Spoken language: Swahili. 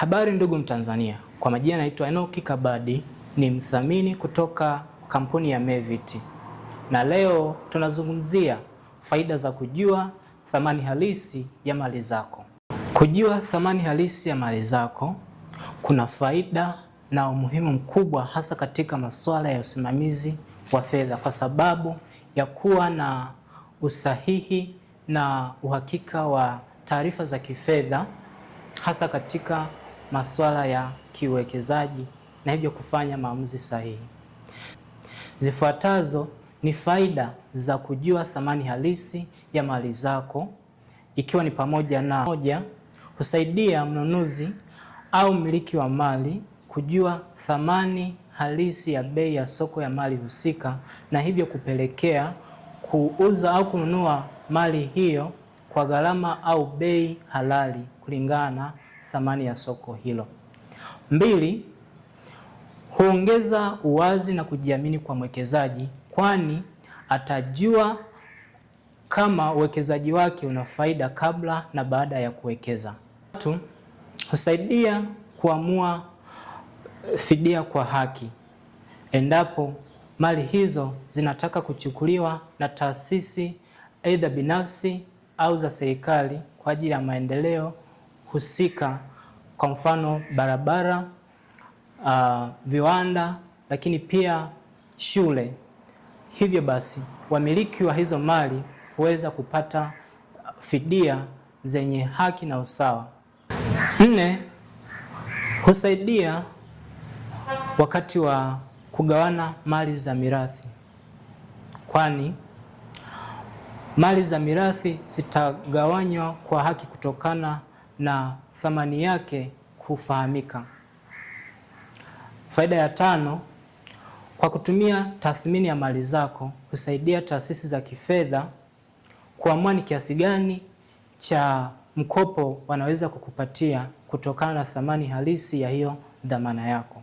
Habari ndugu Mtanzania, kwa majina naitwa Enoki Kabadi, ni mdhamini kutoka kampuni ya Mevity, na leo tunazungumzia faida za kujua thamani halisi ya mali zako. Kujua thamani halisi ya mali zako kuna faida na umuhimu mkubwa, hasa katika masuala ya usimamizi wa fedha, kwa sababu ya kuwa na usahihi na uhakika wa taarifa za kifedha hasa katika masuala ya kiuwekezaji na hivyo kufanya maamuzi sahihi. Zifuatazo ni faida za kujua thamani halisi ya mali zako, ikiwa ni pamoja na moja, husaidia mnunuzi au mmiliki wa mali kujua thamani halisi ya bei ya soko ya mali husika na hivyo kupelekea kuuza au kununua mali hiyo kwa gharama au bei halali kulingana thamani ya soko hilo. Mbili, huongeza uwazi na kujiamini kwa mwekezaji, kwani atajua kama uwekezaji wake una faida kabla na baada ya kuwekeza. Tatu, husaidia kuamua fidia kwa haki endapo mali hizo zinataka kuchukuliwa na taasisi aidha binafsi au za serikali kwa ajili ya maendeleo husika, kwa mfano barabara, uh, viwanda, lakini pia shule. Hivyo basi wamiliki wa hizo mali huweza kupata fidia zenye haki na usawa. Nne, husaidia wakati wa kugawana mali za mirathi, kwani mali za mirathi zitagawanywa kwa haki kutokana na thamani yake kufahamika. Faida ya tano, kwa kutumia tathmini ya mali zako husaidia taasisi za kifedha kuamua ni kiasi gani cha mkopo wanaweza kukupatia kutokana na thamani halisi ya hiyo dhamana yako.